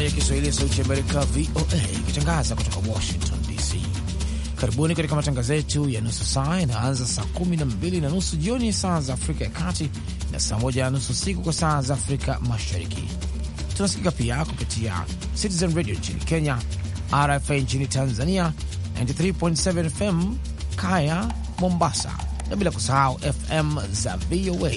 idhaa ya Kiswahili ya Sauti ya Amerika, VOA, ikitangaza kutoka Washington DC. Karibuni katika matangazo yetu ya nusu saa yanaanza saa kumi na mbili na nusu jioni saa za Afrika ya Kati na saa moja na nusu usiku kwa saa za Afrika Mashariki. Tunasikika pia kupitia Citizen Radio nchini Kenya, RFA nchini Tanzania, 93.7 FM Kaya Mombasa, na bila kusahau FM za VOA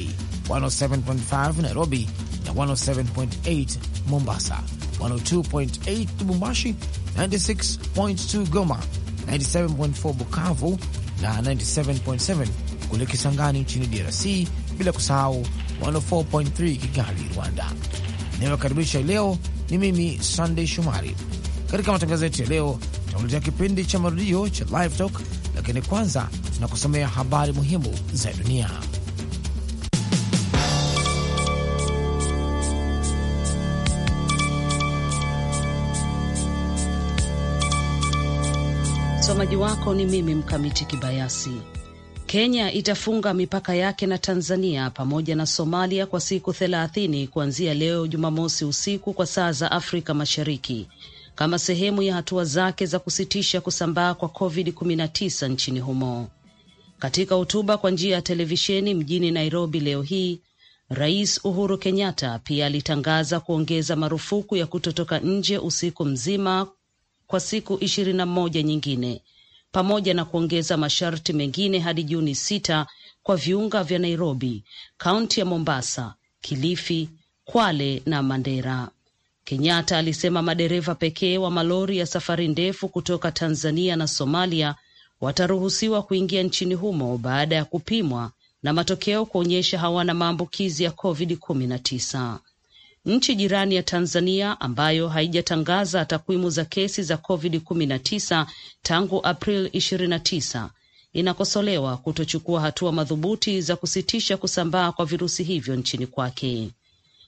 107.5 Nairobi na 107.8 Mombasa 102.8 Lubumbashi, 96.2 Goma, 97.4 Bukavu na 97.7 kule Kisangani nchini DRC, bila kusahau 104.3 Kigali, Rwanda. Inayokaribisha leo ni mimi Sandey Shomari. Katika matangazo yetu ya leo, tunakuletea kipindi cha marudio cha Live Talk, lakini kwanza tunakusomea habari muhimu za dunia. msomaji wako ni mimi Mkamiti Kibayasi. Kenya itafunga mipaka yake na Tanzania pamoja na Somalia kwa siku thelathini kuanzia leo Jumamosi usiku kwa saa za Afrika Mashariki kama sehemu ya hatua zake za kusitisha kusambaa kwa COVID-19 nchini humo. Katika hotuba kwa njia ya televisheni mjini Nairobi leo hii, Rais Uhuru Kenyatta pia alitangaza kuongeza marufuku ya kutotoka nje usiku mzima kwa siku ishirini na moja nyingine pamoja na kuongeza masharti mengine hadi Juni sita kwa viunga vya Nairobi, kaunti ya Mombasa, Kilifi, Kwale na Mandera. Kenyatta alisema madereva pekee wa malori ya safari ndefu kutoka Tanzania na Somalia wataruhusiwa kuingia nchini humo baada ya kupimwa na matokeo kuonyesha hawana maambukizi ya COVID-19. Nchi jirani ya Tanzania ambayo haijatangaza takwimu za kesi za COVID-19 tangu april 29 inakosolewa kutochukua hatua madhubuti za kusitisha kusambaa kwa virusi hivyo nchini kwake.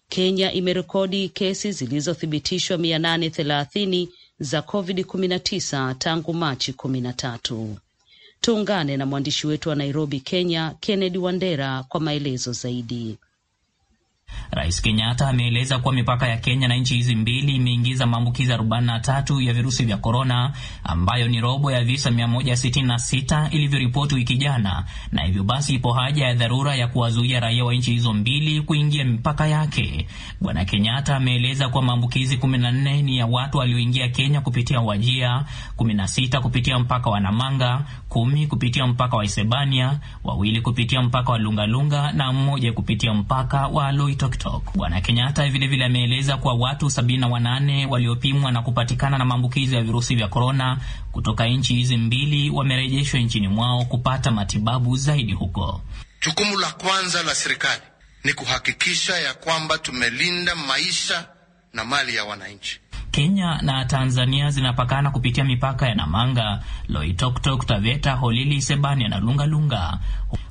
Kenya imerekodi kesi zilizothibitishwa 830 za COVID-19 tangu Machi 13. Tuungane na mwandishi wetu wa Nairobi, Kenya, Kennedy Wandera kwa maelezo zaidi. Rais Kenyatta ameeleza kuwa mipaka ya Kenya na nchi hizi mbili imeingiza maambukizi 43 ya virusi vya korona, ambayo ni robo ya visa 166 ilivyoripoti wiki jana, na hivyo basi ipo haja ya dharura ya kuwazuia raia wa nchi hizo mbili kuingia mipaka yake. Bwana Kenyatta ameeleza kuwa maambukizi 14 ni ya watu walioingia Kenya kupitia Wajia, 16 kupitia mpaka wa Namanga, 10 kupitia mpaka wa Isebania, wawili kupitia mpaka wa Lungalunga na mmoja kupitia mpaka wa Loito TikTok. Bwana Kenyatta vilevile ameeleza kuwa watu 78 waliopimwa na kupatikana na maambukizi ya virusi vya korona kutoka nchi hizi mbili wamerejeshwa nchini mwao kupata matibabu zaidi huko. Jukumu la kwanza la serikali ni kuhakikisha ya kwamba tumelinda maisha na mali ya wananchi. Kenya na Tanzania zinapakana kupitia mipaka ya Namanga, Loitoktok, Taveta, Holili, Sebania na Lungalunga,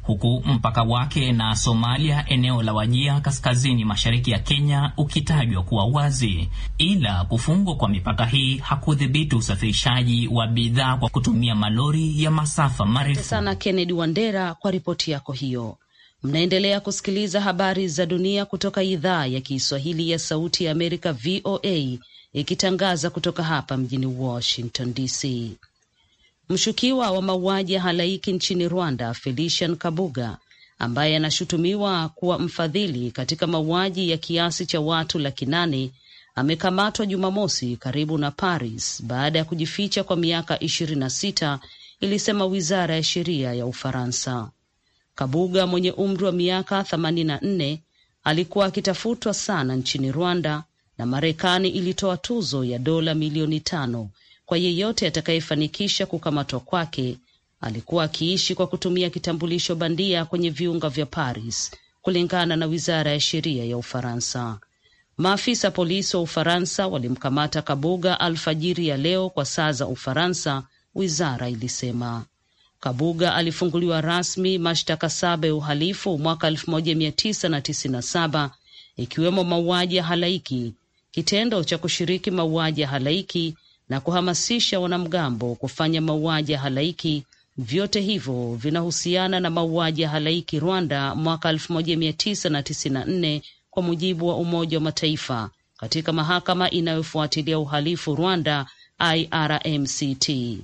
huku mpaka wake na Somalia, eneo la Wajia kaskazini mashariki ya Kenya, ukitajwa kuwa wazi. Ila kufungwa kwa mipaka hii hakudhibiti usafirishaji wa bidhaa kwa kutumia malori ya masafa marefu. Sana Kennedy Wandera kwa ripoti yako hiyo. Mnaendelea kusikiliza habari za dunia kutoka idhaa ya Kiswahili ya Sauti ya Amerika, VOA ikitangaza kutoka hapa mjini Washington DC. Mshukiwa wa mauaji ya halaiki nchini Rwanda, Felician Kabuga, ambaye anashutumiwa kuwa mfadhili katika mauaji ya kiasi cha watu laki nane amekamatwa Jumamosi karibu na Paris baada ya kujificha kwa miaka ishirini na sita, ilisema wizara ya sheria ya Ufaransa. Kabuga mwenye umri wa miaka themanini na nne alikuwa akitafutwa sana nchini Rwanda na Marekani ilitoa tuzo ya dola milioni tano kwa yeyote atakayefanikisha kukamatwa kwake. Alikuwa akiishi kwa kutumia kitambulisho bandia kwenye viunga vya Paris, kulingana na wizara ya sheria ya Ufaransa. Maafisa polisi wa Ufaransa walimkamata Kabuga alfajiri ya leo kwa saa za Ufaransa, wizara ilisema. Kabuga alifunguliwa rasmi mashtaka saba ya uhalifu mwaka 1997 ikiwemo mauaji ya halaiki, kitendo cha kushiriki mauaji ya halaiki na kuhamasisha wanamgambo kufanya mauaji ya halaiki. Vyote hivyo vinahusiana na mauaji ya halaiki Rwanda mwaka 1994 kwa mujibu wa Umoja wa Mataifa katika mahakama inayofuatilia uhalifu Rwanda IRMCT.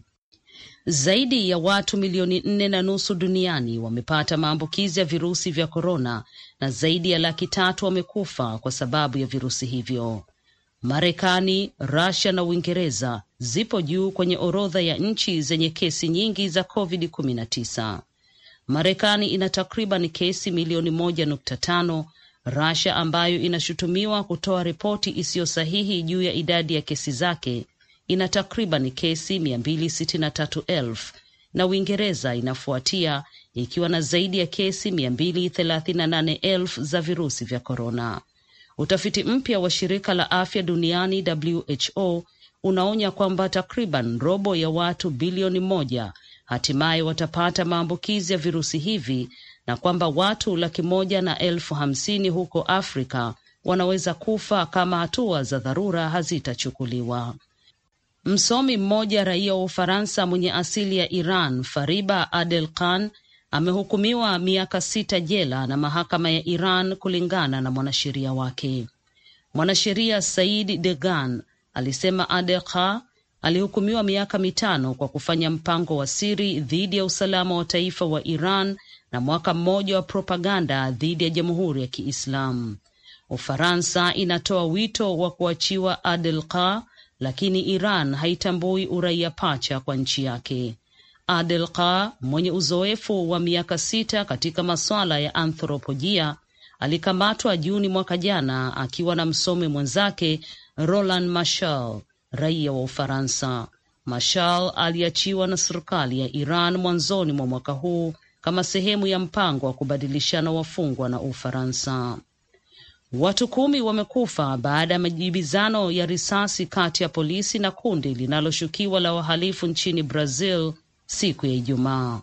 Zaidi ya watu milioni nne na nusu duniani wamepata maambukizi ya virusi vya korona na zaidi ya laki tatu wamekufa kwa sababu ya virusi hivyo. Marekani, rasia na Uingereza zipo juu kwenye orodha ya nchi zenye kesi nyingi za COVID-19. Marekani ina takriban kesi milioni moja nukta tano. ambayo inashutumiwa kutoa ripoti isiyo sahihi juu ya idadi ya kesi zake ina takriban kesi 263,000 na Uingereza inafuatia ikiwa na zaidi ya kesi 238,000 za virusi vya korona. Utafiti mpya wa shirika la afya duniani WHO unaonya kwamba takriban robo ya watu bilioni moja hatimaye watapata maambukizi ya virusi hivi na kwamba watu laki moja na elfu hamsini huko Afrika wanaweza kufa kama hatua za dharura hazitachukuliwa. Msomi mmoja raia wa Ufaransa mwenye asili ya Iran, Fariba Adel Khan amehukumiwa miaka sita jela na mahakama ya Iran, kulingana na mwanasheria wake. Mwanasheria Said Degan alisema Adekha alihukumiwa miaka mitano kwa kufanya mpango wa siri dhidi ya usalama wa taifa wa Iran na mwaka mmoja wa propaganda dhidi ya jamhuri ya Kiislamu. Ufaransa inatoa wito wa kuachiwa adelka lakini Iran haitambui uraia pacha kwa nchi yake. Adelqaa mwenye uzoefu wa miaka sita katika maswala ya anthropojia alikamatwa Juni mwaka jana akiwa na msomi mwenzake Roland mashal raia wa Ufaransa. mashal aliachiwa na serikali ya Iran mwanzoni mwa mwaka huu kama sehemu ya mpango wa kubadilishana wafungwa na Ufaransa. Watu kumi wamekufa baada ya majibizano ya risasi kati ya polisi na kundi linaloshukiwa la wahalifu nchini Brazil siku ya Ijumaa.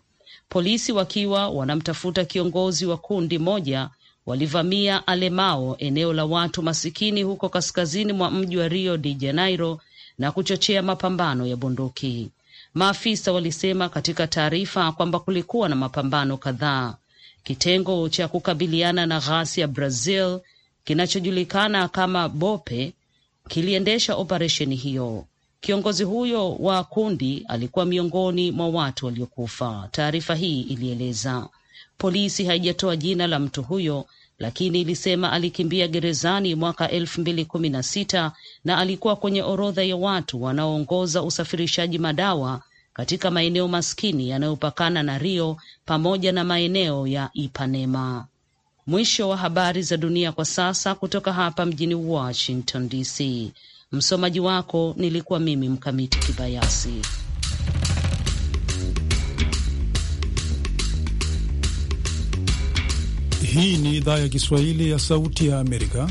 Polisi wakiwa wanamtafuta kiongozi wa kundi moja walivamia Alemao, eneo la watu masikini huko kaskazini mwa mji wa Rio de Janeiro, na kuchochea mapambano ya bunduki. Maafisa walisema katika taarifa kwamba kulikuwa na mapambano kadhaa. Kitengo cha kukabiliana na ghasia Brazil kinachojulikana kama BOPE kiliendesha operesheni hiyo. Kiongozi huyo wa kundi alikuwa miongoni mwa watu waliokufa, taarifa hii ilieleza. Polisi haijatoa jina la mtu huyo, lakini ilisema alikimbia gerezani mwaka elfu mbili kumi na sita na alikuwa kwenye orodha ya watu wanaoongoza usafirishaji madawa katika maeneo maskini yanayopakana na Rio pamoja na maeneo ya Ipanema. Mwisho wa habari za dunia kwa sasa kutoka hapa mjini Washington DC. Msomaji wako nilikuwa mimi Mkamiti Kibayasi. Hii ni idhaa ya Kiswahili ya Sauti ya Amerika.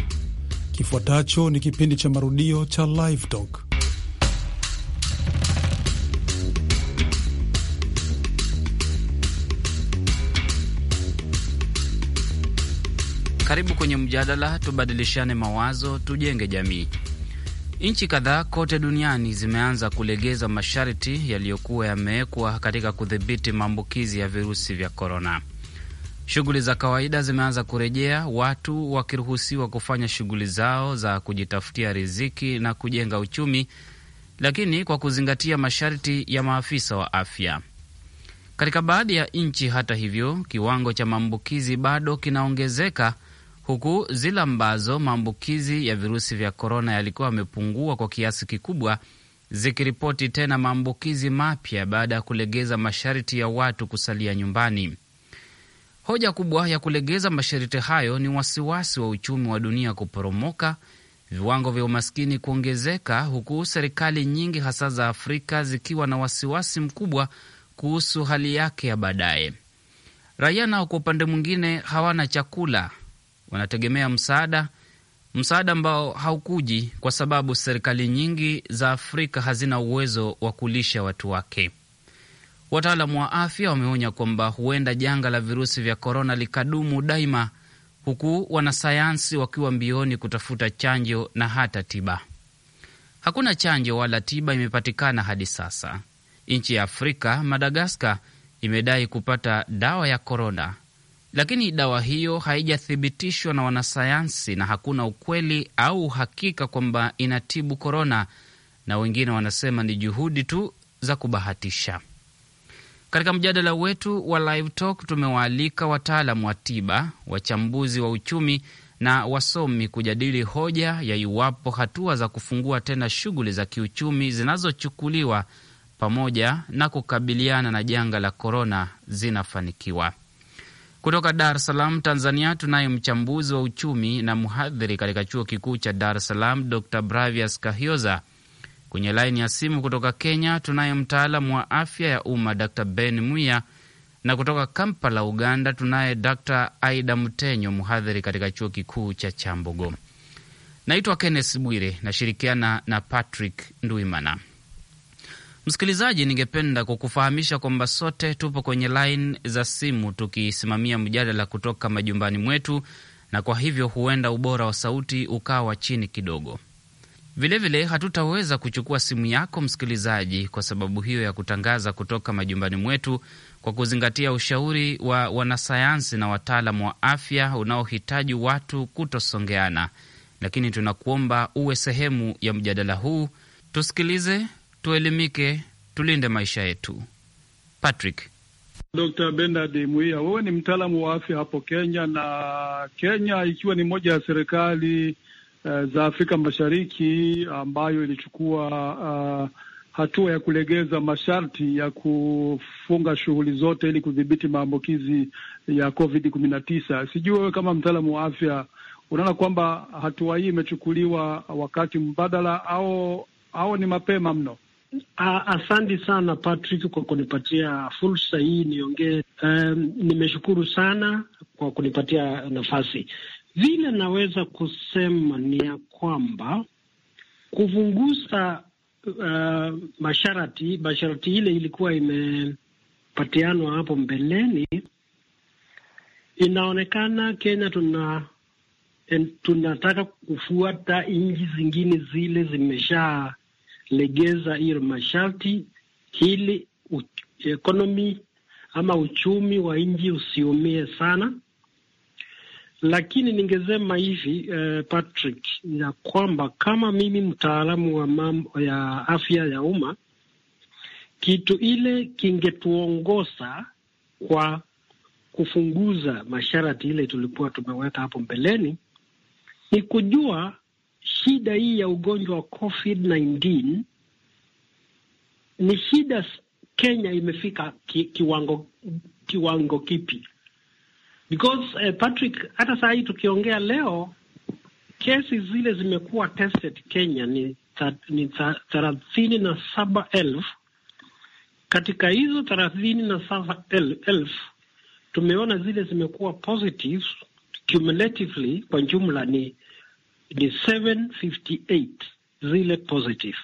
Kifuatacho ni kipindi cha marudio cha Live Talk. Karibu kwenye mjadala, tubadilishane mawazo, tujenge jamii. Nchi kadhaa kote duniani zimeanza kulegeza masharti yaliyokuwa yamewekwa katika kudhibiti maambukizi ya virusi vya korona. Shughuli za kawaida zimeanza kurejea, watu wakiruhusiwa kufanya shughuli zao za kujitafutia riziki na kujenga uchumi, lakini kwa kuzingatia masharti ya maafisa wa afya. Katika baadhi ya nchi, hata hivyo, kiwango cha maambukizi bado kinaongezeka huku zile ambazo maambukizi ya virusi vya korona yalikuwa yamepungua kwa kiasi kikubwa zikiripoti tena maambukizi mapya baada ya kulegeza masharti ya watu kusalia nyumbani. Hoja kubwa ya kulegeza masharti hayo ni wasiwasi wa uchumi wa dunia kuporomoka, viwango vya umaskini kuongezeka, huku serikali nyingi hasa za Afrika zikiwa na wasiwasi mkubwa kuhusu hali yake ya baadaye. Raia nao kwa upande mwingine hawana chakula, wanategemea msaada, msaada ambao haukuji kwa sababu serikali nyingi za Afrika hazina uwezo wa kulisha watu wake. Wataalamu wa afya wameonya kwamba huenda janga la virusi vya korona likadumu daima, huku wanasayansi wakiwa mbioni kutafuta chanjo na hata tiba. Hakuna chanjo wala tiba imepatikana hadi sasa. Nchi ya Afrika, Madagaskar, imedai kupata dawa ya korona lakini dawa hiyo haijathibitishwa na wanasayansi na hakuna ukweli au uhakika kwamba inatibu korona, na wengine wanasema ni juhudi tu za kubahatisha. Katika mjadala wetu wa Live Talk tumewaalika wataalam wa tiba, wachambuzi wa uchumi na wasomi kujadili hoja ya iwapo hatua za kufungua tena shughuli za kiuchumi zinazochukuliwa pamoja na kukabiliana na janga la korona zinafanikiwa. Kutoka Dar es Salaam, Tanzania, tunaye mchambuzi wa uchumi na mhadhiri katika chuo kikuu cha Dar es Salaam, Dr Bravias Kahioza. Kwenye laini ya simu kutoka Kenya tunaye mtaalamu wa afya ya umma Dr Ben Muya, na kutoka Kampala, Uganda, tunaye Dr Aida Mtenyo, mhadhiri katika chuo kikuu cha Chambogo. Naitwa Kenneth Bwire, nashirikiana na Patrick Ndwimana. Msikilizaji, ningependa kukufahamisha kwamba sote tupo kwenye laini za simu tukisimamia mjadala kutoka majumbani mwetu, na kwa hivyo huenda ubora wa sauti ukawa chini kidogo. Vilevile hatutaweza kuchukua simu yako msikilizaji, kwa sababu hiyo ya kutangaza kutoka majumbani mwetu, kwa kuzingatia ushauri wa wanasayansi na wataalamu wa afya unaohitaji watu kutosongeana, lakini tunakuomba uwe sehemu ya mjadala huu, tusikilize tuelimike, tulinde maisha yetu. Patrick Dr. Bernard Muia, wewe ni mtaalamu wa afya hapo Kenya, na Kenya ikiwa ni moja ya serikali uh, za Afrika Mashariki ambayo ilichukua uh, hatua ya kulegeza masharti ya kufunga shughuli zote ili kudhibiti maambukizi ya COVID kumi na tisa. Sijui wewe kama mtaalamu wa afya unaona kwamba hatua hii imechukuliwa wakati mbadala au au ni mapema mno? Ah, asante sana Patrick kwa kunipatia fursa hii niongee. Um, nimeshukuru sana kwa kunipatia nafasi. Vile naweza kusema ni ya kwamba kuvungusa uh, masharti masharti ile ilikuwa imepatianwa hapo mbeleni, inaonekana Kenya tuna tunataka kufuata nchi zingine zile zimesha legeza hiyo masharti ili ekonomi ama uchumi wa nchi usiumie sana, lakini ningesema hivi eh, Patrick, ya kwamba kama mimi mtaalamu wa mambo ya afya ya umma, kitu ile kingetuongoza kwa kufunguza masharti ile tulikuwa tumeweka hapo mbeleni ni kujua shida hii ya ugonjwa wa COVID-19 ni shida. Kenya imefika ki, kiwango kiwango kipi? Because uh, Patrick, hata saa hii tukiongea leo kesi zile zimekuwa tested Kenya ni thelathini na saba elfu. Katika hizo thelathini na saba elfu tumeona zile zimekuwa positive cumulatively, kwa jumla ni ni 758 zile positive.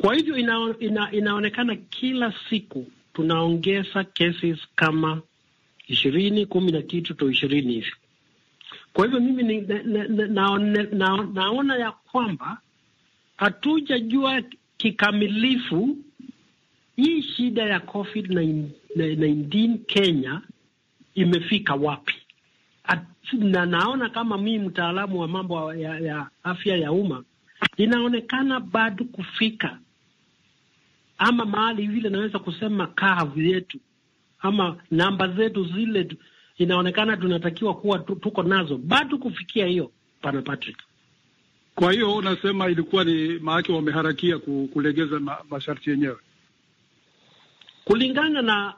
Kwa hivyo ina, ina, inaonekana kila siku tunaongeza cases kama ishirini kumi na kitu to ishirini hivi. Kwa hivyo mimi ni, na, na, na, na, naona ya kwamba hatujajua kikamilifu hii shida ya COVID-19 Kenya imefika wapi, na naona kama mii mtaalamu wa mambo ya, ya afya ya umma inaonekana bado kufika ama mahali vile naweza kusema kavu yetu ama namba zetu zile inaonekana tunatakiwa kuwa tuko nazo bado kufikia hiyo pana Patrick. Kwa hiyo unasema ilikuwa ni maake wameharakia kulegeza ma, masharti yenyewe kulingana na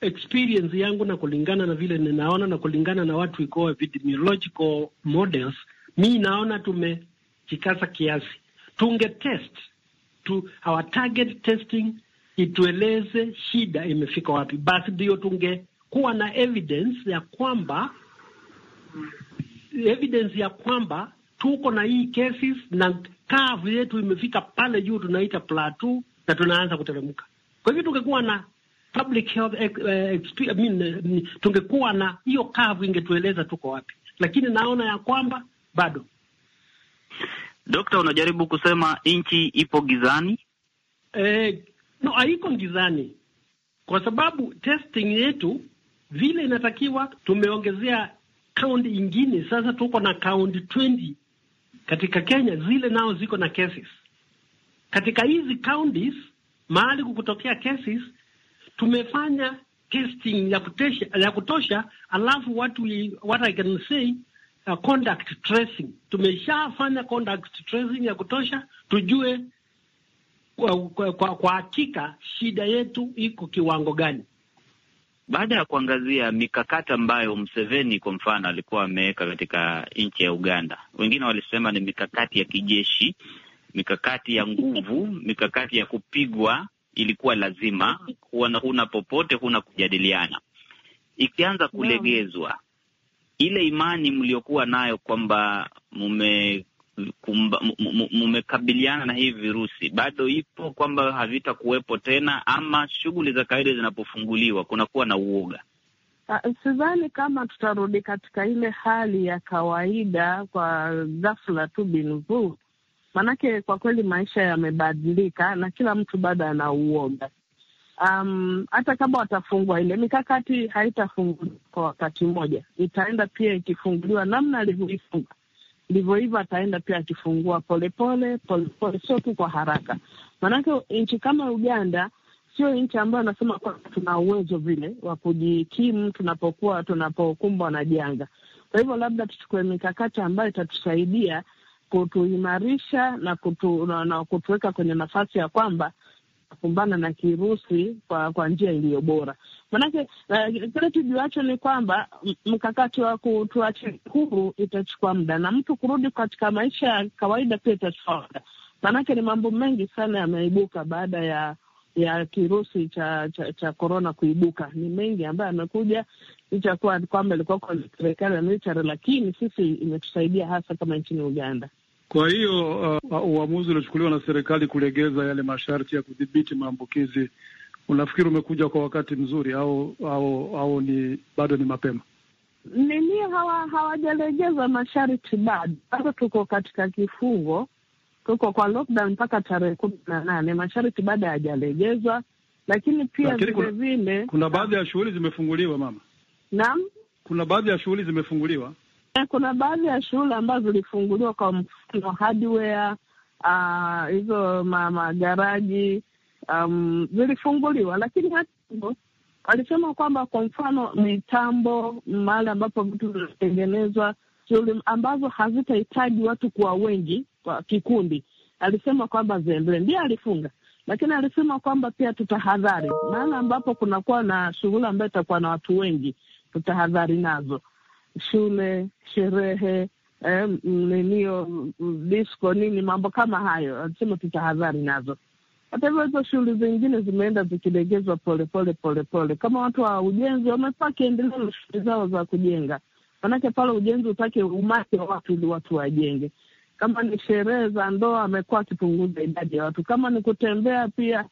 experience yangu na kulingana na vile ninaona na kulingana na watu iko epidemiological models, mi naona tumejikaza kiasi. Tunge test to our target testing itueleze shida imefika wapi, basi ndio tungekuwa na evidence ya kwamba evidence ya kwamba tuko na hii cases na curve yetu imefika pale juu, tunaita plateau na tunaanza kuteremka. Kwa hivyo tungekuwa na public health uh, I mean, eh, tungekuwa na hiyo kavu ingetueleza tuko wapi, lakini naona ya kwamba bado. Dokta, unajaribu kusema nchi ipo gizani? Eh, no, haiko gizani kwa sababu testing yetu vile inatakiwa tumeongezea kaunti ingine. Sasa tuko na kaunti 20 katika Kenya, zile nao ziko na cases. Katika hizi counties mahali kukutokea cases tumefanya testing ya kutosha, ya kutosha alafu what we, what I can say uh, conduct tracing tumeshafanya conduct tracing ya kutosha tujue kwa, kwa, kwa hakika shida yetu iko kiwango gani. Baada ya kuangazia mikakati ambayo Mseveni kwa mfano alikuwa ameweka katika nchi ya Uganda, wengine walisema ni mikakati ya kijeshi, mikakati ya nguvu, mikakati ya kupigwa ilikuwa lazima, huna, mm-hmm. huna popote, huna kujadiliana. Ikianza kulegezwa ile imani mliokuwa nayo kwamba mume na hii virusi bado ipo, kwamba havitakuwepo tena, ama shughuli za kawaida zinapofunguliwa kunakuwa na uoga. Ah, sidhani kama tutarudi katika ile hali ya kawaida kwa ghafla tu binvu, Maanake kwa kweli maisha yamebadilika na kila mtu bado anauoga. Um, hata kama watafungua ile mikakati haitafunguliwa kwa wakati mmoja, itaenda pia ikifunguliwa namna alivyoifunga ndivyo hivyo ataenda pia akifungua polepole polepole, sio tu kwa haraka. Maanake nchi kama Uganda sio nchi ambayo anasema kwa tuna uwezo vile wa kujikimu tunapokuwa tunapokumbwa na janga. Kwa hivyo labda tuchukue mikakati ambayo itatusaidia kutuimarisha na, kutu, na, na kutuweka kwenye nafasi ya kwamba kupambana na kirusi kwa kwa njia iliyo bora. Manake uh, kile tujuacho ni kwamba mkakati wa kutuachi huru itachukua muda na mtu kurudi katika maisha ya kawaida pia itachukua muda. manake ni mambo mengi sana yameibuka baada ya ya kirusi cha cha, cha korona kuibuka. Ni mengi ambayo amekuja, licha kuwa kwamba ilikuwa serikali ya military, lakini sisi imetusaidia hasa kama nchini Uganda. Kwa hiyo uh, uamuzi uliochukuliwa na serikali kulegeza yale masharti ya kudhibiti maambukizi, unafikiri umekuja kwa wakati mzuri au au au ni bado ni mapema? Nini, hawajalegeza hawa masharti bado, bado tuko katika kifungo, tuko kwa lockdown mpaka tarehe kumi na nane. Masharti bado hayajalegezwa, lakini pia vilevile kuna baadhi ya shughuli zimefunguliwa mama. Naam, kuna baadhi ya shughuli zimefunguliwa kuna baadhi ya shule ambazo zilifunguliwa kwa mfano hardware ah, hizo uh, magaraji um, zilifunguliwa, lakini hata hivyo walisema kwamba kwa mfano mitambo, mahali ambapo vitu vinatengenezwa, shughuli ambazo hazitahitaji watu kuwa wengi kwa kikundi, alisema kwamba ziendelee. Ndiye alifunga, lakini alisema kwamba pia tutahadhari, mahali ambapo kunakuwa na shughuli ambayo itakuwa na watu wengi, tutahadhari nazo shule, sherehe eh, ninio disco nini, mambo kama hayo, anasema tutahadhari nazo. Hata hivyo hizo shughuli zingine zimeenda zikilegezwa polepole polepole, kama watu wa ujenzi wamekuwa wakiendelea na shughuli zao za kujenga, manake pale ujenzi utake umati wa watu ili watu wajenge. Kama ni sherehe za ndoa, amekuwa akipunguza idadi ya watu. Kama ni kutembea, pia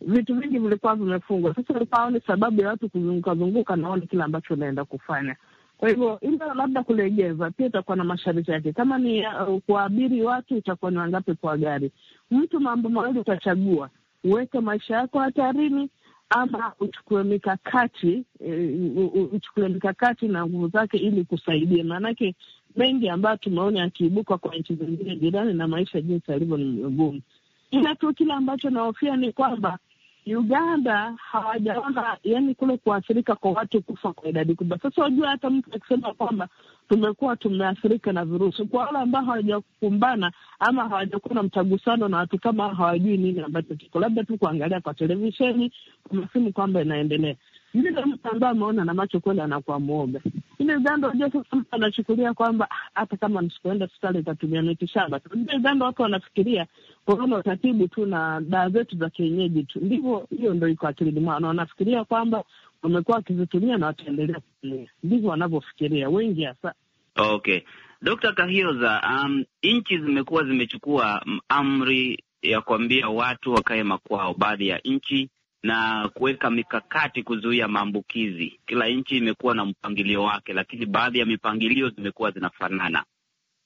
vitu vingi vilikuwa vimefungwa. Sasa walikuwa ni sababu ya watu kuzungukazunguka, naone kile ambacho unaenda kufanya kwa hivyo ila labda kulegeza pia itakuwa na masharti yake. Kama ni uh, kuwaabiri watu itakuwa ni wangapi kwa gari? Mtu mambo mawili utachagua, uweke maisha yako hatarini ama uchukue mikakati uh, uchukue mikakati na nguvu zake ili kusaidia. Maanake mengi ambayo tumeona yakiibuka kwa nchi zingine jirani na maisha jinsi yalivyo ni mgumu, ila tu kile ambacho nahofia ni kwamba Uganda hawajaona yani kule kuathirika kwa watu kufa kwa idadi kubwa. Sasa wajua, hata mtu akisema kwamba tumekuwa tumeathirika na virusi, kwa wale ambao hawajakumbana ama hawajakuwa na mtagusano na watu kama hawajui nini ambacho kiko, labda tu kuangalia kwa televisheni, kwa masimu kwamba inaendelea. Yule mtu ambaye ameona na macho kweli anakuwa mwoga. Ile dhambi unajua sasa mtu anachukulia kwamba ah, hata kama nisipoenda hospitali nitatumia miti shamba. Ile dhambi watu wanafikiria korona utatibu tu na dawa zetu za kienyeji tu. Ndivyo hiyo ndo iko akilini mwao. Na wanafikiria kwamba wamekuwa wakizitumia na wataendelea kutumia. Ndivyo wanavyofikiria wengi hasa. Okay. Dr. Kahioza, um, nchi zimekuwa zimechukua mm, amri ya kuambia watu wakae makwao. Baadhi ya nchi na kuweka mikakati kuzuia maambukizi. Kila nchi imekuwa na mpangilio wake, lakini baadhi ya mipangilio zimekuwa zinafanana.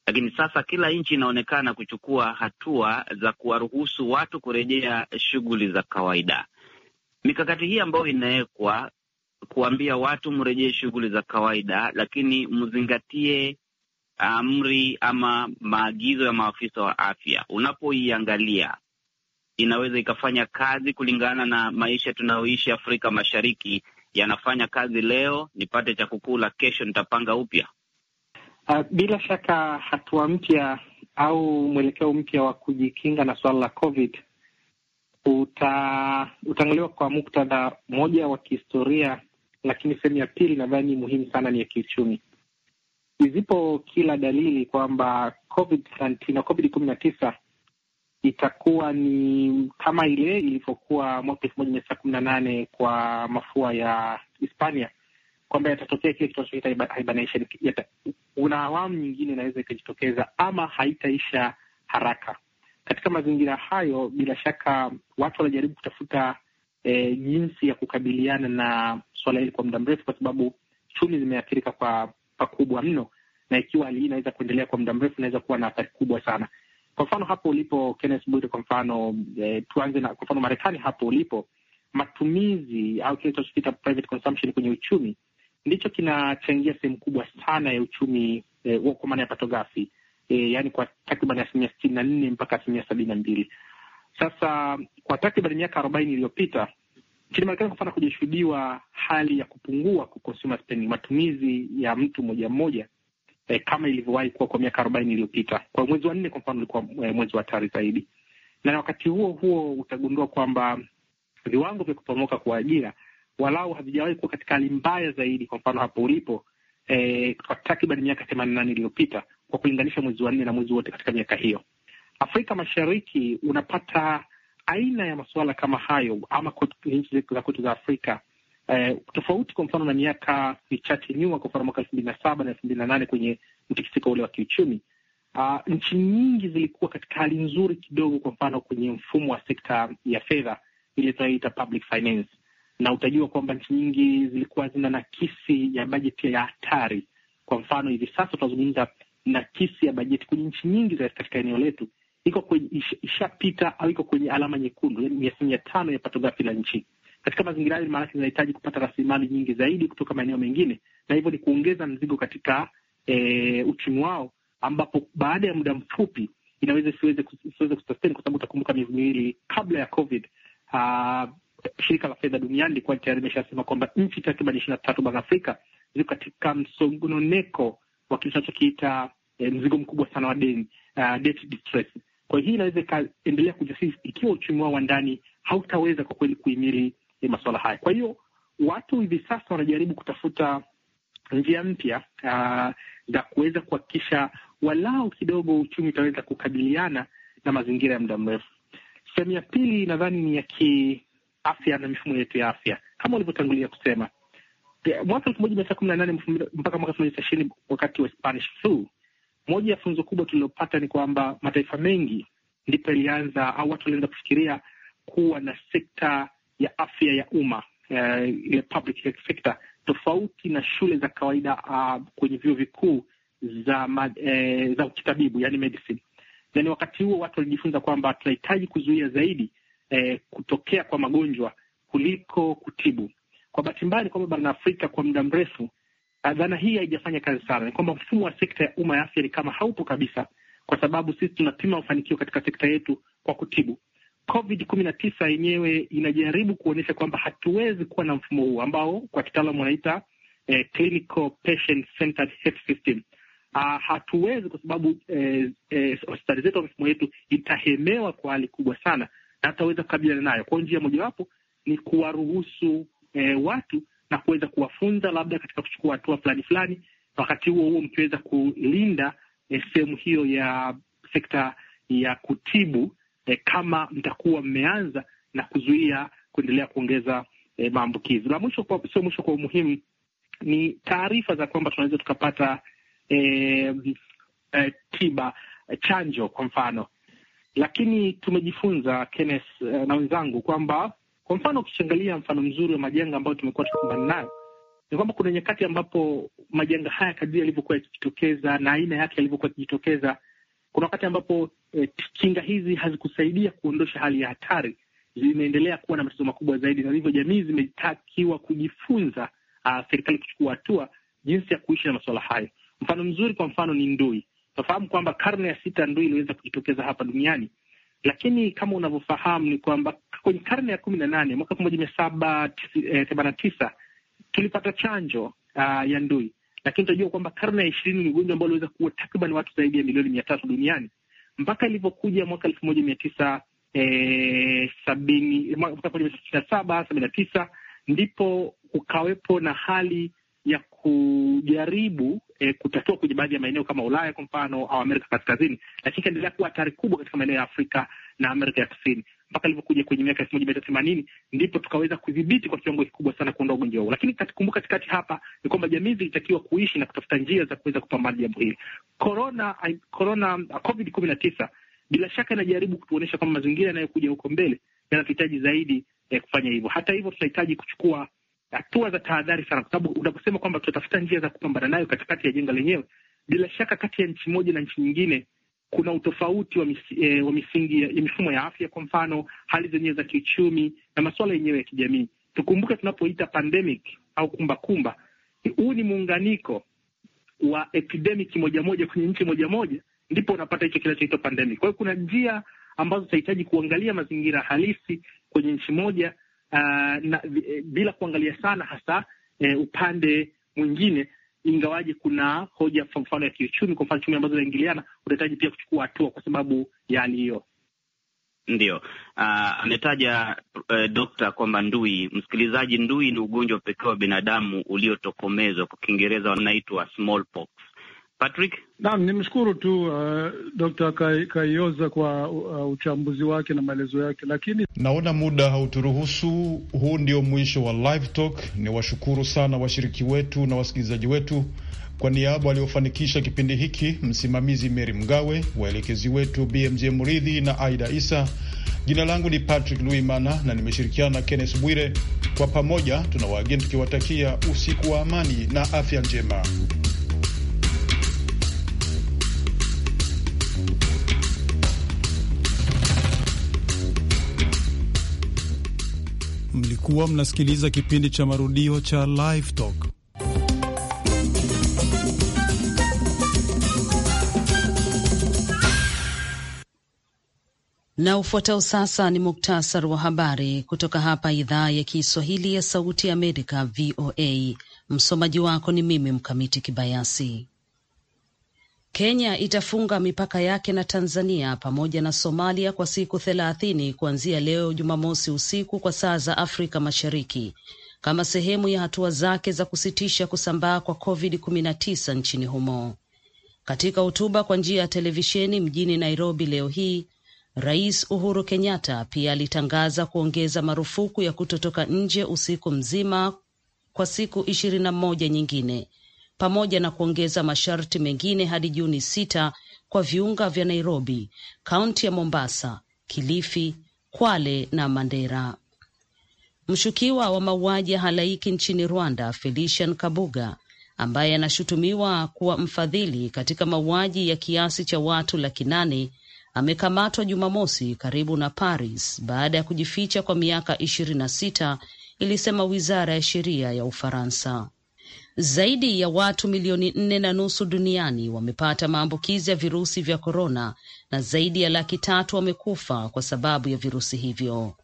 Lakini sasa kila nchi inaonekana kuchukua hatua za kuwaruhusu watu kurejea shughuli za kawaida. Mikakati hii ambayo inawekwa kuambia watu mrejee shughuli za kawaida, lakini mzingatie amri ama maagizo ya maafisa wa afya. Unapoiangalia inaweza ikafanya kazi kulingana na maisha tunayoishi Afrika Mashariki. Yanafanya kazi leo, nipate cha kukula, kesho nitapanga upya. Ah, bila shaka hatua mpya au mwelekeo mpya wa kujikinga na suala la COVID uta, utaangaliwa kwa muktadha moja wa kihistoria, lakini sehemu ya pili nadhani muhimu sana ni ya kiuchumi. Izipo kila dalili kwamba COVID-19 na COVID kumi na tisa itakuwa ni kama ile ilivyokuwa mwaka elfu moja mia tisa kumi na nane kwa mafua ya Hispania, kwamba yatatokea kile kinachoita hibernation. Una awamu nyingine inaweza ikajitokeza, ama haitaisha haraka. Katika mazingira hayo, bila shaka watu wanajaribu kutafuta e, jinsi ya kukabiliana na suala hili kwa muda mrefu, kwa sababu chumi zimeathirika kwa pakubwa mno, na ikiwa hali hii inaweza kuendelea kwa muda mrefu, inaweza kuwa na athari kubwa sana. Kwa mfano hapo ulipo Kenneth Bwire, kwa mfano eh, tuanze na kwa mfano Marekani hapo ulipo, matumizi au kile tunachokiita private consumption kwenye uchumi ndicho kinachangia sehemu kubwa sana ya uchumi eh, kwa maana ya pato ghafi eh, yani kwa takriban asilimia sitini na nne mpaka asilimia sabini na mbili. Sasa kwa takriban miaka arobaini iliyopita nchini Marekani kwa mfano, kujishuhudiwa hali ya kupungua kwa consumer spending, matumizi ya mtu mmoja mmoja eh, kama ilivyowahi kuwa kwa miaka arobaini iliyopita. Kwa mwezi wa nne kwa mfano ulikuwa eh, mwezi wa hatari zaidi, na wakati huo huo utagundua kwamba viwango vya kuporomoka kwa ajira walau havijawahi kuwa katika hali mbaya zaidi, kwa mfano hapo ulipo eh, kwa takriban miaka themanini na nane iliyopita kwa kulinganisha mwezi wa nne na mwezi wote katika miaka hiyo. Afrika Mashariki unapata aina ya masuala kama hayo ama nchi za kwetu za Afrika eh, tofauti kwa mfano na miaka michache nyuma, kwa mfano mwaka elfu mbili na saba na elfu mbili na nane kwenye mtikisiko ule wa kiuchumi. Uh, nchi nyingi zilikuwa katika hali nzuri kidogo, kwa mfano kwenye mfumo wa sekta ya fedha ile tunayoita public finance, na utajua kwamba nchi nyingi zilikuwa zina nakisi ya bajeti ya hatari. Kwa mfano hivi sasa tunazungumza nakisi ya bajeti kwenye nchi nyingi katika eneo letu iko kwenye ishapita, au iko kwenye alama nyekundu, yaani asilimia tano ya pato ghafi la nchi. Katika mazingira hayo, maanake zinahitaji kupata rasilimali nyingi zaidi kutoka maeneo mengine, na hivyo ni kuongeza mzigo katika e, uchumi wao, ambapo baada ya muda mfupi inaweza siweze kusustain, kwa sababu utakumbuka miezi miwili kabla ya COVID aa, ah, shirika la fedha duniani likuwa tayari imeshasema kwamba nchi takriban ishirini na tatu bara Afrika ziko katika msongononeko wa kitu tunachokiita e, mzigo mkubwa sana wa deni uh, debt distress. Kwa hiyo hii inaweza ikaendelea kuja ikiwa uchumi wao wa ndani hautaweza kwa kweli kuhimili ni masuala haya. Kwa hiyo watu hivi sasa wanajaribu kutafuta njia mpya ah, za kuweza kuhakikisha walau kidogo uchumi utaweza kukabiliana na mazingira ya muda mrefu. Sehemu ya pili nadhani ni ya kiafya na mifumo yetu ya afya, kama ulivyotangulia kusema eh, mwaka elfu moja mia tisa kumi na nane mpaka mwaka elfu moja tisa ishirini wakati wa Spanish flu, moja ya funzo kubwa tulilopata ni kwamba mataifa mengi ndipo ilianza au watu walianza kufikiria kuwa na sekta ya afya ya umma ile eh, public sector, tofauti na shule za kawaida uh, kwenye vyuo vikuu za ma, eh, za kitabibu yani medicine. Na ni wakati huo watu walijifunza kwamba tunahitaji kuzuia zaidi eh, kutokea kwa magonjwa kuliko kutibu. Kwa bahati mbaya ni kwamba barani Afrika kwa muda mrefu ah, dhana hii haijafanya kazi sana. Ni kwamba mfumo wa sekta ya umma ya afya ni kama haupo kabisa, kwa sababu sisi tunapima mafanikio katika sekta yetu kwa kutibu, COVID kumi na tisa yenyewe inajaribu kuonyesha kwamba hatuwezi kuwa na mfumo huu ambao kwa kitaalamu wanaita eh, clinical patient centered health system. Ah, hatuwezi kwa sababu eh, eh, hospitali zetu, mifumo yetu itahemewa kwa hali kubwa sana, na hataweza kukabiliana nayo. Kwa njia mojawapo ni kuwaruhusu eh, watu na kuweza kuwafunza labda katika kuchukua hatua fulani fulani, wakati huo huo mkiweza kulinda eh, sehemu hiyo ya sekta ya kutibu eh, kama mtakuwa mmeanza na kuzuia kuendelea kuongeza eh, maambukizi. La mwisho kwa sio mwisho kwa umuhimu ni taarifa za kwamba tunaweza tukapata eh, eh, tiba eh, chanjo kwa mfano, lakini tumejifunza Kenneth eh, na wenzangu kwamba kwa mfano ukichangalia mfano mzuri wa majanga ambayo tumekuwa tukikumbana nayo ni kwamba kuna nyakati ambapo majanga haya kadiri yalivyokuwa yakijitokeza na aina yake yalivyokuwa yakijitokeza kuna wakati ambapo eh, kinga hizi hazikusaidia kuondosha hali ya hatari, zimeendelea kuwa na matatizo makubwa zaidi, na hivyo jamii zimetakiwa kujifunza, uh, serikali kuchukua hatua jinsi ya kuishi na masuala hayo. Mfano mzuri kwa mfano ni ndui. Tunafahamu kwamba karne ya sita ndui iliweza kujitokeza hapa duniani, lakini kama unavyofahamu ni kwamba kwenye karne ya kumi na nane mwaka elfu moja mia saba eh, themanini na tisa tulipata chanjo uh, ya ndui lakini tunajua kwamba karne ya ishirini ni ugonjwa ambao uliweza kuua takriban watu zaidi ya milioni mia tatu duniani mpaka ilivyokuja mwaka elfu moja mia tisa e, sabini mwaka elfu moja mia tisa sitini na saba sabini na tisa ndipo kukawepo na hali ya kujaribu e, kutatua kwenye baadhi ya maeneo kama Ulaya kwa mfano au Amerika Kaskazini, lakini ikaendelea kuwa hatari kubwa katika maeneo ya Afrika na Amerika ya Kusini mpaka alivyokuja kwenye miaka elfu moja mia tisa themanini ndipo tukaweza kudhibiti kwa kiwango kikubwa sana kuondoa ugonjwa huu. Lakini kumbuka, katikati hapa ni kwamba jamii zilitakiwa kuishi na kutafuta njia za kuweza kupambana jambo hili. Corona, corona, covid kumi na tisa bila shaka inajaribu kutuonyesha kwamba mazingira yanayokuja huko mbele yanatuhitaji zaidi eh, kufanya hivyo. Hata hivyo tunahitaji kuchukua hatua za tahadhari sana, kwa sababu unaposema kwamba tutatafuta njia za kupambana nayo katikati ya janga lenyewe, bila shaka kati ya nchi moja na nchi nyingine kuna utofauti wa, misi, e, eh, wa misingi ya mifumo ya afya, kwa mfano hali zenyewe za kiuchumi na masuala yenyewe ya kijamii. Tukumbuke tunapoita pandemic au kumbakumba, huu ni muunganiko wa epidemic moja moja kwenye nchi moja moja, ndipo unapata hicho kinachoitwa pandemic. Kwa hiyo kuna njia ambazo zitahitaji kuangalia mazingira halisi kwenye nchi moja, uh, na, eh, bila kuangalia sana hasa eh, upande mwingine ingawaje kuna hoja kwa mfano ya kiuchumi, kwa mfano chumi ambazo zinaingiliana, utahitaji pia kuchukua hatua kwa sababu ya hali hiyo. Ndiyo, ah, ametaja uh, dokta kwamba ndui, msikilizaji, ndui ni ugonjwa pekee wa binadamu uliotokomezwa, kwa Kiingereza wanaitwa smallpox. Patrick Naam, nimshukuru tu uh, Dr. Kaioza kwa uh, uchambuzi wake na maelezo yake, lakini naona muda hauturuhusu. Huu ndio mwisho wa Live Talk. Ni washukuru sana washiriki wetu na wasikilizaji wetu. Kwa niaba waliofanikisha kipindi hiki, msimamizi Meri Mgawe, waelekezi wetu BMJ Muridhi na Aida Isa. Jina langu ni Patrick Luimana na nimeshirikiana na Kennes Bwire. Kwa pamoja tuna wageni tukiwatakia usiku wa amani na afya njema. mlikuwa mnasikiliza kipindi cha marudio cha Live Talk. Na ufuatao sasa ni muktasar wa habari kutoka hapa idhaa ya Kiswahili ya Sauti ya Amerika, VOA. Msomaji wako ni mimi Mkamiti Kibayasi. Kenya itafunga mipaka yake na Tanzania pamoja na Somalia kwa siku thelathini kuanzia leo Jumamosi usiku kwa saa za Afrika Mashariki kama sehemu ya hatua zake za kusitisha kusambaa kwa COVID-19 nchini humo. Katika hotuba kwa njia ya televisheni mjini Nairobi leo hii, Rais Uhuru Kenyatta pia alitangaza kuongeza marufuku ya kutotoka nje usiku mzima kwa siku ishirini na moja nyingine pamoja na kuongeza masharti mengine hadi Juni sita kwa viunga vya Nairobi, kaunti ya Mombasa, Kilifi, Kwale na Mandera. Mshukiwa wa mauaji ya halaiki nchini Rwanda, Felician Kabuga, ambaye anashutumiwa kuwa mfadhili katika mauaji ya kiasi cha watu laki nane amekamatwa Jumamosi karibu na Paris baada ya kujificha kwa miaka ishirini na sita, ilisema wizara ya sheria ya Ufaransa. Zaidi ya watu milioni nne na nusu duniani wamepata maambukizi ya virusi vya korona na zaidi ya laki tatu wamekufa kwa sababu ya virusi hivyo.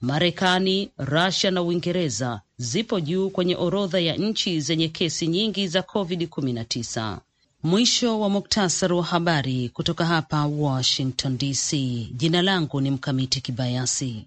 Marekani, Russia na Uingereza zipo juu kwenye orodha ya nchi zenye kesi nyingi za COVID-19. Mwisho wa muktasari wa habari kutoka hapa Washington DC. Jina langu ni Mkamiti Kibayasi.